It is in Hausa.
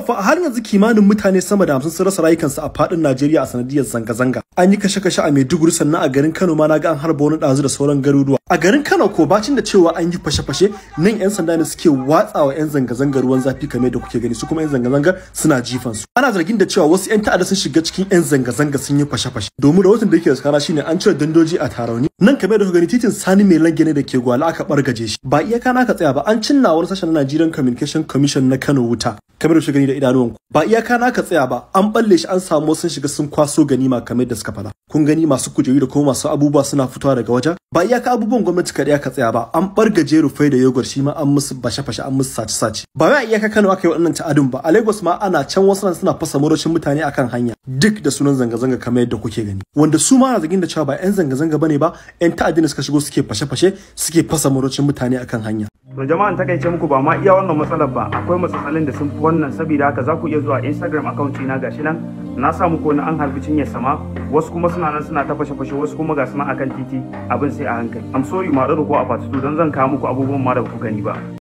fa har yanzu kimanin mutane sama da hamsin sun rasa rayukansu a fadin Najeriya a sanadiyar zanga-zanga. An yi kashe-kashe a Maiduguri sannan a garin Kano ma na ga an harba wani ɗazu da sauran garuruwa. A garin Kano ko bacin da cewa an yi fashe-fashe nan 'yan sanda ne suke watsawa 'yan zanga-zanga ruwan zafi kamar da kuke gani su kuma 'yan zanga-zanga suna jifan su. Ana zargin da cewa wasu 'yan ta'adda sun shiga cikin 'yan zanga-zanga sun yi fashe-fashe. Domin rahoton da yake da kara shine an cire dandoji a Tarauni. Nan kamar da kuka gani titin Sani mai lange ne da ke gwala aka bargaje shi. Ba iya kana ka tsaya ba an cinna wani sashen na Nigerian Communication Commission na Kano wuta. Kamar da gani da ku. ba iyaka na ka tsaya ba an balle shi an samu sun shiga sun kwaso ganima kamar da suka fada kun gani masu kujeru da kuma masu abubuwa suna fitowa daga wajen ba iyaka abubuwan gwamnati kaɗai ka tsaya ba an jeru rufai da yogurt shi ma an musu bashe-bashe an musu sace-sace ba wai iyaka Kano aka yi waɗannan ta'adun ba a Lagos ma ana can wasu suna fasa murocin mutane akan hanya duk da sunan zanga-zanga kamar yadda kuke gani wanda su ma na zagin da cewa ba 'yan zanga-zanga bane ba 'yan ta'adin suka shigo suke fashe-fashe suke fasa murocin mutane akan hanya To jama'an takaice muku ba ma iya wannan matsalar ba akwai matsalolin da sun fi wannan saboda haka za ku iya zuwa Instagram account na gashi nan na sa muku wani an harbi cinye sama wasu kuma suna nan suna ta fashe fashe wasu kuma ga suna akan titi abin sai a hankali. I'm sorry ma da ko a fatutu don dan zan kawo muku abubuwan ma da ku gani ba.